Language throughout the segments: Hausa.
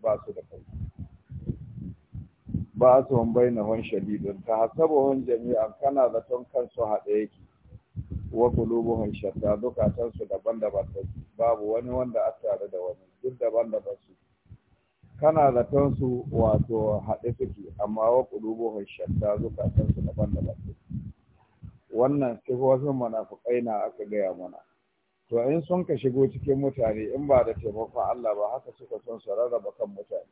ba su da kai ba su wan bainahun shadidun ta hasabuhun jami'an kana da ton kansu haɗe yake wa qulubuhum shatta dukatan su daban-daban babu wani wanda a tare da wani duk daban-daban su kana da ton su wato haɗe suke amma wa qulubuhum shatta dukatan su daban-daban wannan sifofin munafiqai na aka gaya mana to in sun ka shigo cikin mutane in ba da taimakon Allah ba haka suka son su rarraba kan mutane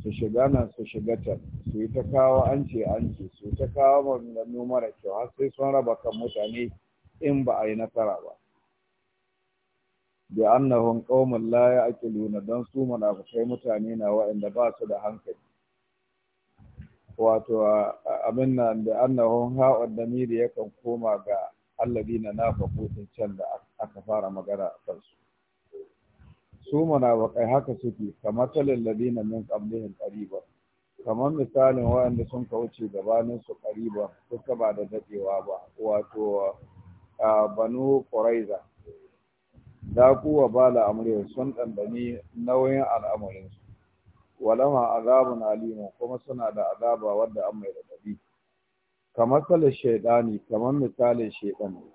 su shiga nan su shiga can su yi ta kawo an ce an ce su ta kawo maganganu mara kyau har sai sun raba kan mutane in ba a yi nasara ba bi annahum qaumun ake luna, don su munafukai mutane na waɗanda ba su da hankali wato abin nan da annahum da yakan koma ga na nafa kotun can da aka. aka fara magana a kansu su bakai haka suke kamar talal ladina min qablihim qariba kamar misalin waɗanda sun kauce gabanin su qariba suka ba da dadewa ba wato banu quraiza da kuwa bala amriyo sun dandani nauyin al'amarin su walama azabun alimu kuma suna da azaba wadda an mai dadi kamar salin shaidani kamar misalin shaidani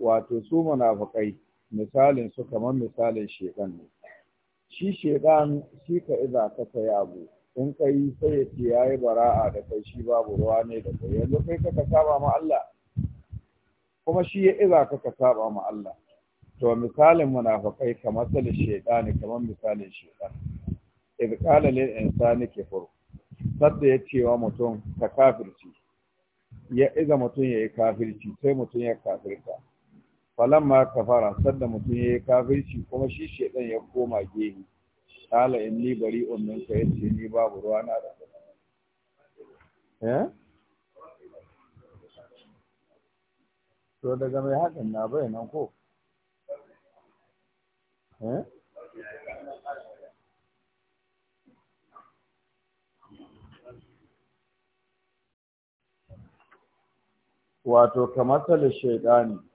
wato su munafukai misalin su kamar misalin shekan ne shi shekan shi ka iza ka sai abu in kai sai ya ce yayi bara'a da kai shi babu ruwa ne da kai yanzu kai ka saba ma Allah kuma shi ya iza ka ka saba ma Allah to misalin munafukai kamar misalin ne kamar misalin shekan idh qala lil insani kafur sadda ya wa mutum ka kafirci ya iza mutum yayi kafirci sai mutum ya kafirta falamma kafara sadda mutum ya yi kafirci kuma shi shaidan ya koma gehi kala inni bari ummin ka yace ni babu ruwa na da eh to daga mai hakan na bai nan ko eh wato kamar shaiɗani.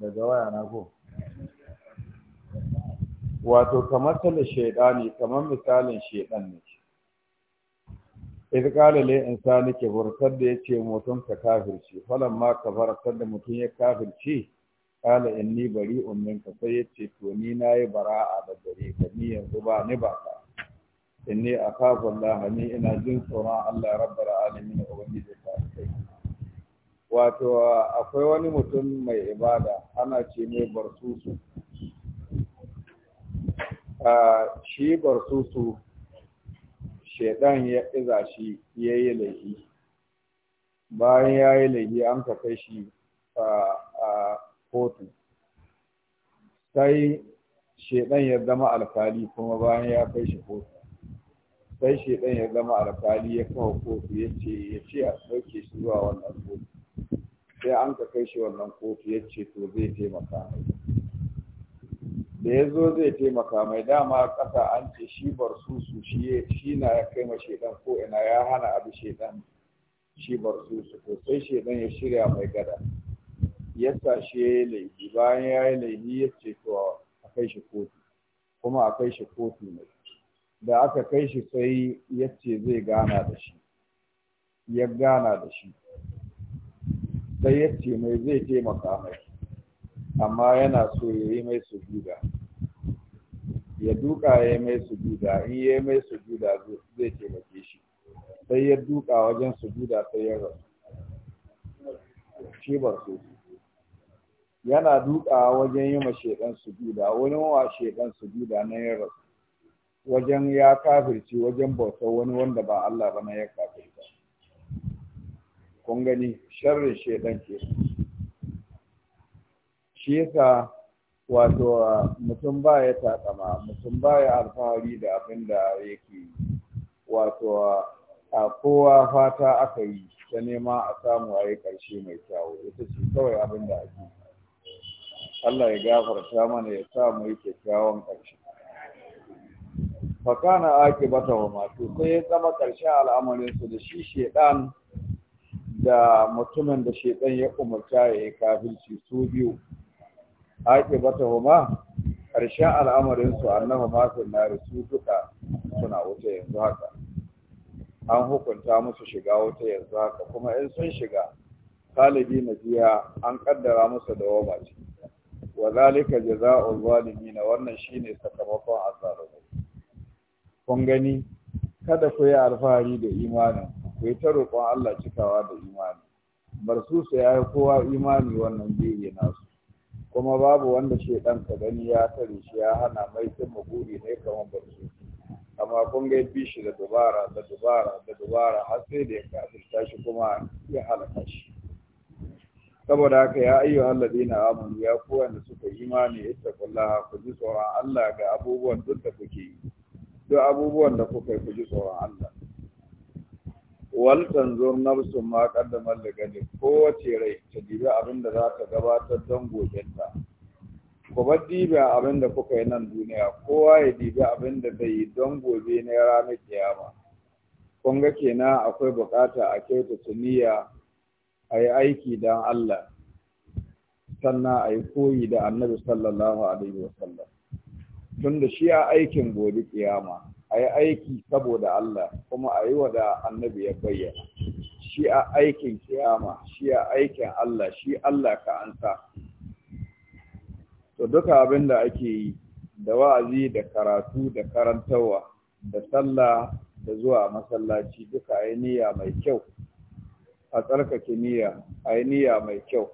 daga waya na ko wato kamar tala shaidani kamar misalin shaidan ne idh le Sani insani kafar da yace mutum ka kafirci falan ma ka kafara da mutum ya kafirci kala inni ummin ka, sai yace to ni nayi bara'a da gare ka ni yanzu ba ni ba ka inni akhafu Allah ni ina jin tsoron Allah rabbul alamin ubangiji ta sai wato akwai wani mutum mai ibada ana ce ne barsusu shi barsusu shaidan ya iza shi ya yi laifi bayan ya yi laifi an ka kai shi a kotu sai shaidan ya zama alkali kuma bayan ya kai shi kotu sai shaidan ya zama alkali ya kawo kotu ya ce ya ce a ɗauke shi zuwa wannan kotu sai an ka kai shi wannan kofi, ya ce to zai taimaka mai da ya zo zai taimaka mai dama ƙasa an ce shi bar susu shi na ya kai ma shaidan ko ina ya hana abu shaidan shi bar susu to sai shaidan ya shirya mai gada ya sa shi ya yi laifi bayan ya yi laifi ya ce to a kai shi kofi, kuma a kai shi kofi ne da aka kai shi sai ya ce zai gana da shi ya gana da shi sai ya ce mai zai taimaka mai amma yana so ya yi mai sujuda ya duka ya yi mai sujuda in ya yi mai sujuda zai taimake shi sai ya duka wajen sujuda sai ya rasu shi ba yana duka wajen yi ma su sujuda wani wa su sujuda na ya rasu wajen ya kafirci wajen bautar wani wanda ba Allah ba na ya kafirci kun gani sharrin shaiɗan ke shi yasa wato mutum ba ya takama mutum ba ya alfahari da abin da yake wato a kowa fata aka yi ta nema a samu a yi ƙarshe mai kyawu ita ce kawai abin da ake Allah ya gafarta mana ya sa mu yi kyakkyawan ƙarshe fakana ake bata wa masu sai ya zama ƙarshen su da shi shedan da mutumin da shaitan ya umarta ya yi kafirci su biyu ake bata huma ƙarshen al'amarinsu annaba sun na su duka suna wuta yanzu haka an hukunta musu shiga wuta yanzu haka kuma in sun shiga talibi na jiya an kaddara musu da wama ce wa zalika jaza'ul zalimin wannan shine sakamakon azzalumai kun gani kada ku yi alfahari da imanin ku yi ta roƙon Allah cikawa da imani barsusa ya yi kowa imani wannan bege nasu kuma babu wanda ɗan ka gani ya tare shi ya hana mai cin maguri ne kamar su amma kun ga bi shi da dubara da dubara da dubara har sai da ya kafirta shi kuma ya halaka shi saboda haka ya ayyu alladina amanu ya kowa da suka imani ittaqullaha ku ji tsoron Allah ga abubuwan duk da kuke yi duk abubuwan da kuka yi ku ji tsoron Allah wal tanzur nafsu ma qaddama gani, kowace rai ta dibi abin da za ta gabatar don gobenta ku bar dibi abin da kuka yi nan duniya kowa ya dibi abin da zai yi don gobe na ranar kiyama kun ga kenan akwai bukata a kyautata niyya a yi aiki don Allah sannan a yi koyi da annabi sallallahu alaihi wasallam tun shi a aikin gobe kiyama a yi aiki saboda Allah kuma a yi wada annabi ya bayyana shi a aikin kiyama shi a aikin Allah shi Allah ka ansa to duka abin da ake yi da wa'azi da karatu da karantarwa da sallah da zuwa masallaci duka a niyya mai kyau a tsarkake niyya a niyya mai kyau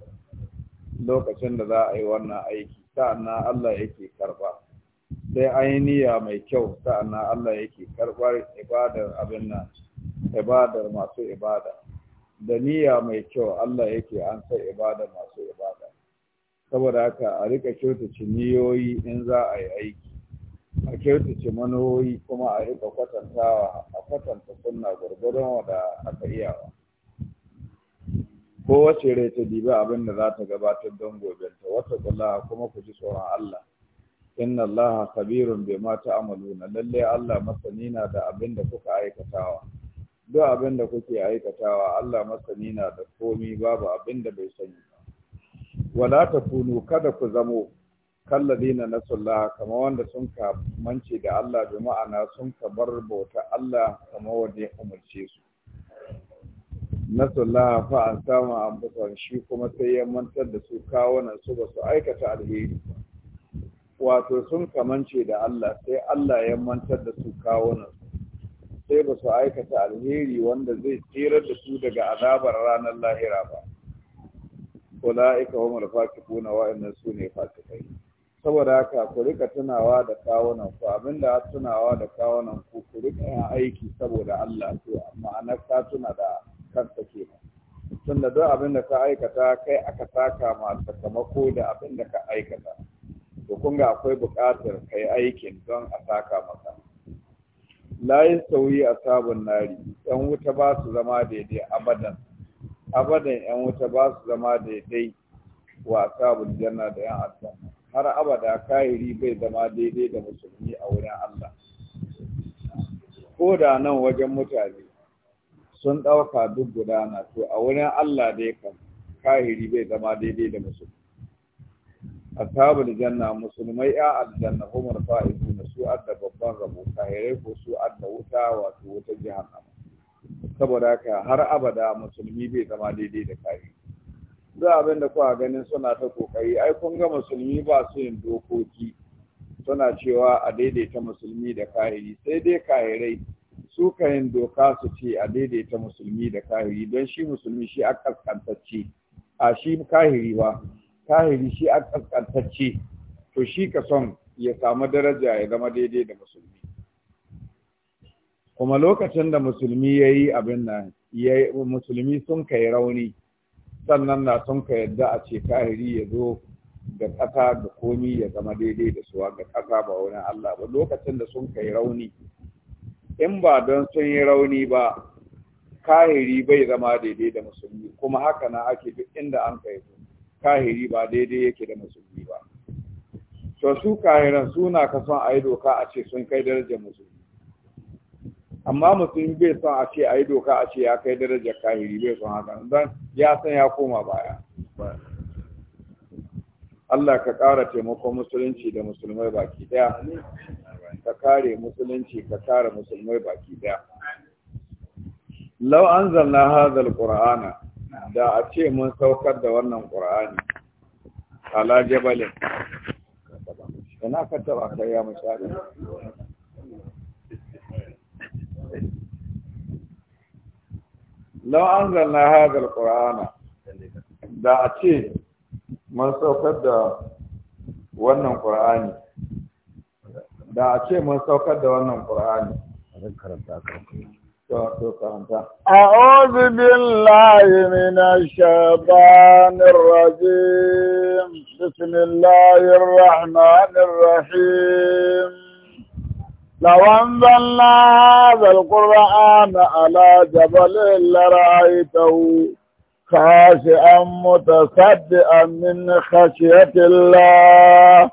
lokacin da za a yi wannan aiki sa'annan Allah yake karba sai an yi niyya mai kyau sa'annan Allah yake karɓar ibadar abin nan ibadar masu ibada da niyya mai kyau Allah yake an sai ibada masu ibada saboda haka a rika kyautace niyoyi in za a yi aiki a kyautace manoyi kuma a rika kwatantawa a kwatanta kunna gwargwadon wada aka iyawa ko wace rai ta dibi abin da za ta gabatar don gobe, gobenta wata kula kuma ku ji tsoron Allah inna Allah kabirun bima ta'maluna lalle Allah masani na da abin da kuka aikatawa duk abin da kuke aikatawa Allah masani na da komi babu abin da bai sani ba wala takunu kada ku zamo kalladina nasullah kama wanda sun ka mance da Allah bi ma'ana sun ka bar bauta Allah kama wanda ya su nasullah fa an samu an shi kuma sai ya mantar da su kawunan su ba su aikata alheri ba wato sun kamance da Allah sai Allah ya mantar da su kawunan sai ba su aikata alheri wanda zai tsirar da su daga azabar ranar lahira ba ula'ika humul kuna wa'annan su ne fasikai saboda haka ku rika tunawa da kawunan ku abinda tunawa da kawunan ku ku rika yin aiki saboda Allah to ma'ana ka tuna da kanka kenan tunda duk abinda ka aikata kai aka saka ma sakamako da abinda ka aikata kun ga akwai buƙatar kai aikin don a saka maka layin sauyi a sabon nari yan wuta ba su zama daidai abadan abadan yan wuta ba su zama daidai wa sabon janna da yan aljanna har abada kahiri bai zama daidai da musulmi a wurin Allah ko da nan wajen mutane sun ɗauka duk gudana to a wurin Allah dai kan kahiri bai zama daidai da musulmi ashabul janna musulmai ya aljanna humar fa'izun su adda babban rabo kahirai ko su adda wuta wato wutar jahannama saboda haka har abada musulmi bai zama daidai da kahirai za abin da kuwa ganin suna ta kokari ai kun ga musulmi ba su yin dokoki suna cewa a daidaita musulmi da kahiri sai dai kahirai su ka yin doka su ce a daidaita musulmi da kahiri don shi musulmi shi a ƙasƙantacce, a shi kahiri ba kahiri shi a ƙasƙantacce to shi ka son ya samu daraja ya zama daidai da musulmi kuma lokacin da musulmi ya yi abin nan musulmi sun kai rauni sannan na sun ka yadda a ce kahiri ya zo da ƙasa da komi ya zama daidai da suwa ga ƙasa ba wani Allah ba lokacin da sun kai rauni in ba don sun yi rauni ba kahiri bai zama daidai da musulmi kuma haka na ake duk inda an kai su kahiri ba daidai yake da musulmi ba to su kahiran suna ka son a yi doka a ce sun kai darajar musulmi amma musulmi bai son a ce a yi doka a ce ya kai darajar kahiri bai son haka don ya san ya koma baya Allah ka ƙara taimakon musulunci da musulmai baki daya ka kare musulunci ka kare musulmai baki daya an zanna hadha alqur'ana da a ce mun saukar da wannan ƙura'ani ala jabalin ina ka taba kai ya misali lau an zanna hagar ƙura'ana da a ce mun saukar da wannan ƙura'ani da a ce mun saukar da wannan ƙura'ani a karanta أعوذ بالله من الشيطان الرجيم بسم الله الرحمن الرحيم لو أنزلنا هذا القرآن على جبل لرأيته خاشئا متصدئا من خشية الله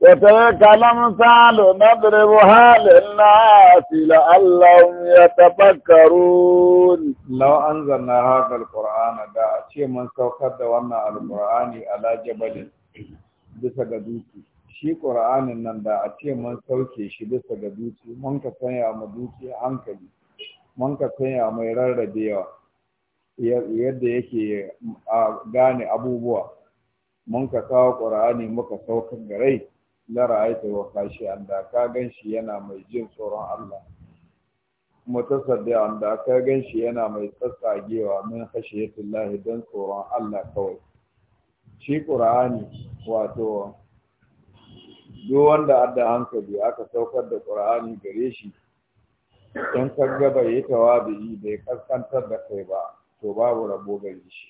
وتلك الأمثال نضربها للناس لعلهم يتفكرون لو أنزلنا هذا القرآن دا شيء من سوكر دوانا القرآن على جبل bisa ga dutse shi ƙura'anin nan da a ce mun sauke shi bisa ga dutse mun ka sanya ma dutse hankali mun ka sanya mai rarrabewa yadda yake gane abubuwa mun ka kawo ƙur'ani muka saukar da rai la ra'aita wa kashi an da ka gan shi yana mai jin tsoron Allah mutasaddi an da ka gan shi yana mai tsatsagewa min khashiyatullahi dan tsoron Allah kawai shi qur'ani wato duk wanda adda hankali aka saukar da qur'ani gare shi dan kaga bai yi tawabi bai kaskantar da kai ba to babu rabo gare shi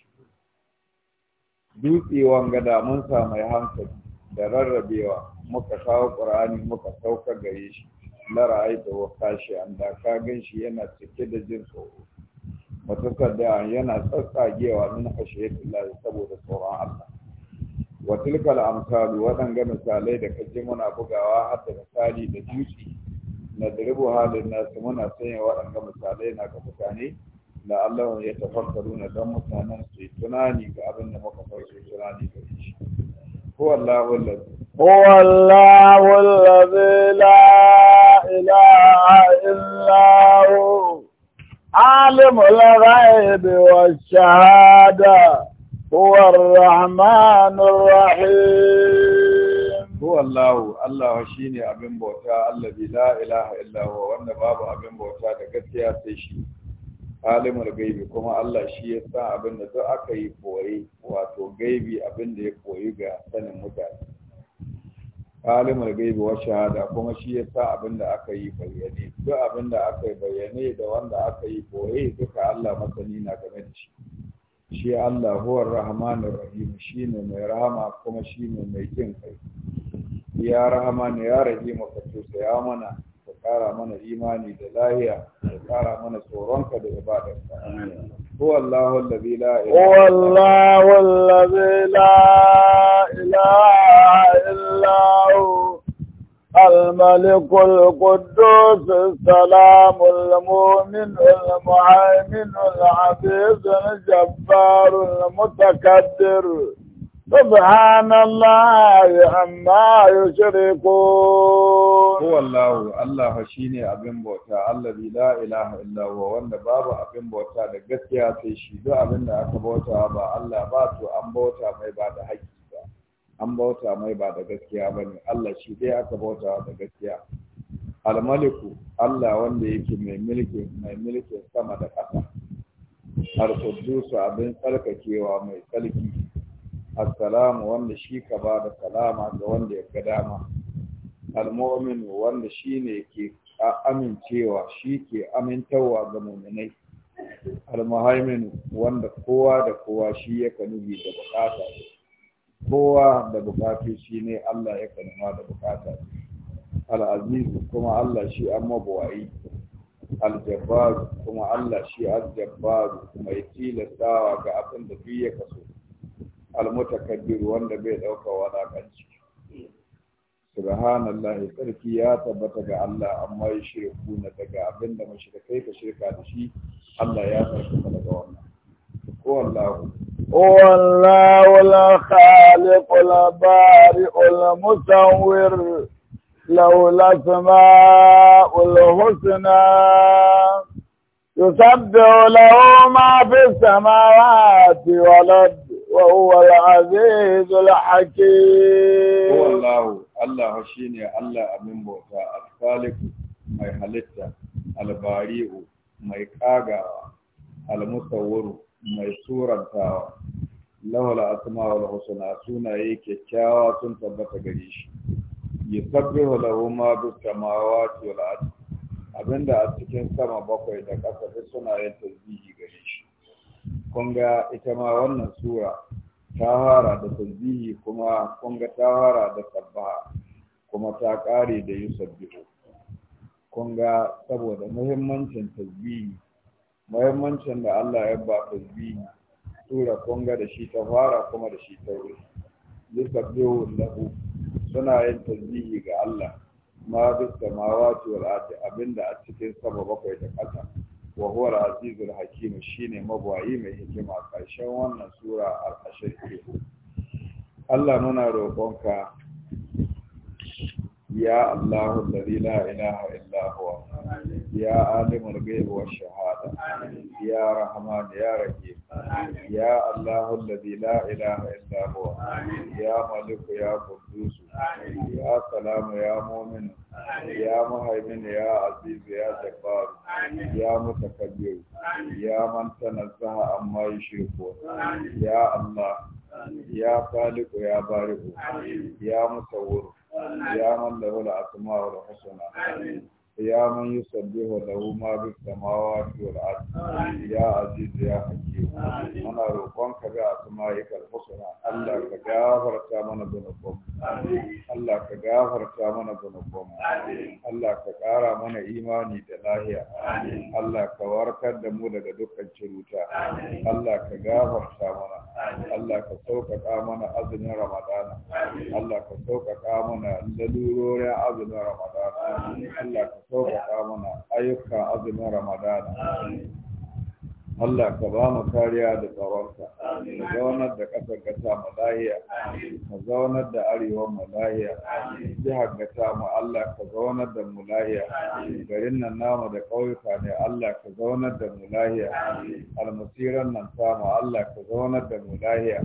dutse wanga damunsa mai hankali da rarrabewa muka kawo ƙur'ani muka sauka gare shi ra'ayi da wa an da ka gan shi yana cike da jin tsoro matukar da yana tsatsagewa min hashiyatu lahi saboda tsoron Allah wa tilkal amsalu waɗanga misalai da kaje muna bugawa har da misali da juci na diribu halin nasu muna sanya waɗanga misalai na ga mutane da Allah ya tafakkaru na dan mutanen su tunani ga abin da muka farko tunani da shi هو الله الذي هو الله الذي لا إله إلا هو عالم الغيب والشهادة هو الرحمن الرحيم هو الله الله شيني أبن بوتا الذي لا إله إلا هو وأن باب أبن بوتا دقتيا تشي alimul gaibi kuma Allah shi ya san abin da duk aka yi koyi wato gaibi abin da ya koyi ga sanin mutane alimul gaibi wa shahada kuma shi ya san abin da aka yi bayyane duk abin da aka yi bayyane da wanda aka yi koyi duka Allah masani na game da shi shi Allah huwar rahmanur rahim shine mai rahama kuma shine mai kin kai ya rahama ne ya rahimu ka tusa mana ka kara mana imani da lahiya ƙara mana tsoronka da ibadarka هو الله الذي لا إله هو الله الذي لا إله إلا هو الملك القدوس السلام المؤمن المعين العزيز الجبار المتكبر سبحان الله عما يشركون هو الله الله شيني abin bauta allazi la ilaha illa wanda babu abin bauta da gaskiya sai shi duk abin da aka bauta ba Allah ba to an bauta mai ba da haƙƙi ba an bauta mai ba da gaskiya bane Allah shi dai aka bauta da gaskiya almaliku Allah wanda yake mai mulki mulkin sama da ƙasa al abin tsarkakewa mai tsarki assalamu wanda shi ka ba da salama ga wanda ya ga dama almu'min wanda shi ne ke amincewa shi ke amintawa ga muminai almuhaimin wanda kowa da kowa shi ya kanubi da bukata kowa da bukatu shi ne Allah ya kanuma da bukata Al'azizu kuma Allah shi an mabuwayi aljabbar kuma Allah shi aljabbar mai tilastawa ga abin da duk ya kaso almutakabbir wanda bai dauka wadakanci subhanallahi sarki ya tabbata ga Allah amma ya shirku na daga abinda mushrikai ka shirka da shi Allah ya tsarkaka daga wannan ko wallahu wallahu al-khaliq al-bari al-musawwir لولا سماء الحسنى يسبح له ما في السماوات وهو العزيز الحكيم allah الله الله شيني الله أمين بوتا الخالق mai halitta albari'u mai kagawa almusawwiru mai surantawa lahul asma wal husna sunaye kyakkyawa sun tabbata gare shi yusabbihu lahu ma bis samawati wal ardi abinda a cikin sama bakwai da kasa duk suna yin tasbihi Kunga ita ma wannan sura ta hara da tasbihi kuma kun ta hara da sabbaha kuma ta kare da yusabbihu kun ga saboda muhimmancin tasbihi muhimmancin da Allah ya ba tasbihi sura kun ga da shi ta fara kuma da shi ta rufe yusabbihu lahu suna yin tasbihi ga Allah ma bis samawati wal ardi abinda a cikin sama bakwai da ƙasa wa huwa al-azizul hakim shine mabwayi mai hikima karshen wannan sura al-ashr Allah muna roƙonka ya Allahu alladhi la ilaha illa huwa ya alimul ghaibi wash shahada يا رحمن يا رحيم يا الله الذي لا إله إلا هو يا ملك يا قدوس يا سلام يا مؤمن يا مهيمن يا عزيز يا جبار يا متكبر يا من تنزه عما يشركون يا الله يا خالق يا بارئ يا مصور يا من له الأسماء الحسنى يا من يسبح له ما في السماوات والارض يا عزيز يا حكيم انا روقك باسمائك الحسنى الله كغافر تامنا ذنوبنا الله كغافر تامنا ذنوبنا الله كقارا منا ايماني da lahiya Allah ka warkar da mu daga dukkan ciruta Allah ka gafarta mana Allah ka sauƙaƙa mana azumin Ramadana Allah ka sauƙaƙa mana Ramadana sauƙaƙa mana ayyuka azumin ramadana Allah ka ba mu kariya da tsaronka ka zaunar da ƙasar gata mu lahiya ka zaunar da arewa mu lahiya jihar gata mu Allah ka zaunar da mu lahiya garin nan namu da ƙauyuka ne Allah ka zaunar da mu lahiya almasiran nan samu Allah ka zaunar da mu lahiya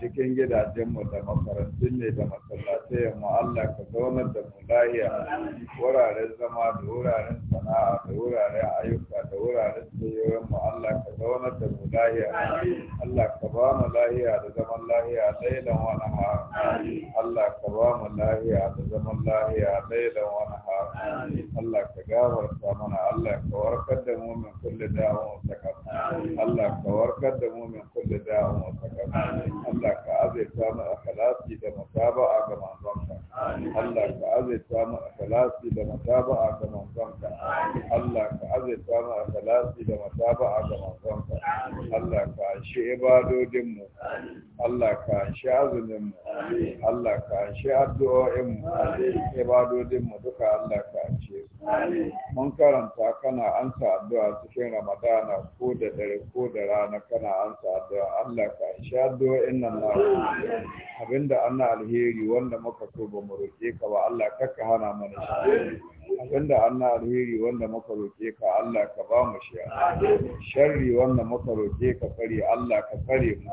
cikin gidajenmu da makarantun ne da masallatai mu Allah ka zaunar da mu lahiya wuraren zama da wuraren sana'a da wuraren ayyuka da wuraren tsayoyin mu Allah ka ka zaunar da mu lahiya Allah ka ba mu lahiya da zaman lahiya lailan wa nahar Allah ka ba mu lahiya da zaman lahiya lailan wa nahar Allah ka gafarta mana Allah ka warkar da mu min kulli da'wa wa sakar Allah ka warkar da mu min kulli da'wa wa sakar Allah ka azaita mu akhlasi da mutaba'a ga azurta mu a salasi da mataba'a ga manzonka Allah ka azurta mu a salasi da mataba'a ga manzonka Allah ka shi ibadodin mu Allah ka shi azumin mu Allah ka shi addu'o'in mu ibadodin mu duka Allah ka shi mun karanta kana ansa addu'a cikin ramadana ko da dare ko da rana kana ansa addu'a Allah ka sha addu'a innan na abinda ana alheri wanda muka so ba mu roke ka ba Allah kakka hana mana shi abinda Allah alheri wanda muka roke ka Allah ka ba mu shi sharri wanda muka roke ka kare Allah ka kare mu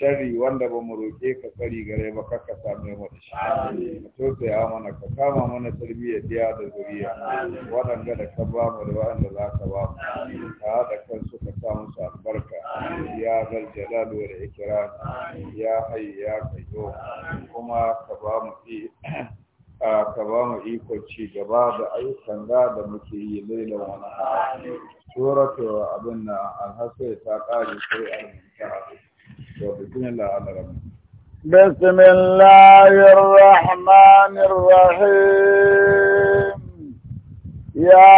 sharri wanda ba mu roke ka kare gare ba ka ka same mu da shi ka ya mana ka kama mana tarbiyya diya da zuriya waɗanda da ka ba mu da waɗanda za ka ba mu ka haɗa kansu ka sa musu albarka ya zal jalal wa ikram ya hayya ya qayyum kuma ka ba mu ka ba mu iko ci gaba da ayyukan da da muke yi lailan abin na alhassan ta kare sai a rubuta to bismillah بسم الله الرحمن الرحيم يا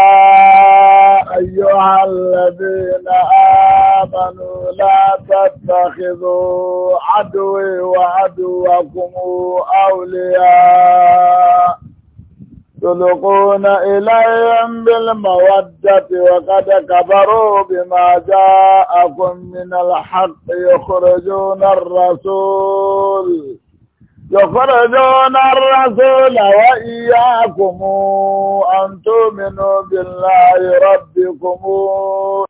أيها الذين آمنوا لا تتخذوا عدوي وعدوكم أولياء تلقون إليهم بالمودة وقد كبروا بما جاءكم من الحق يخرجون الرسول يخرجون الرسول وإياكم أن تؤمنوا بالله ربكم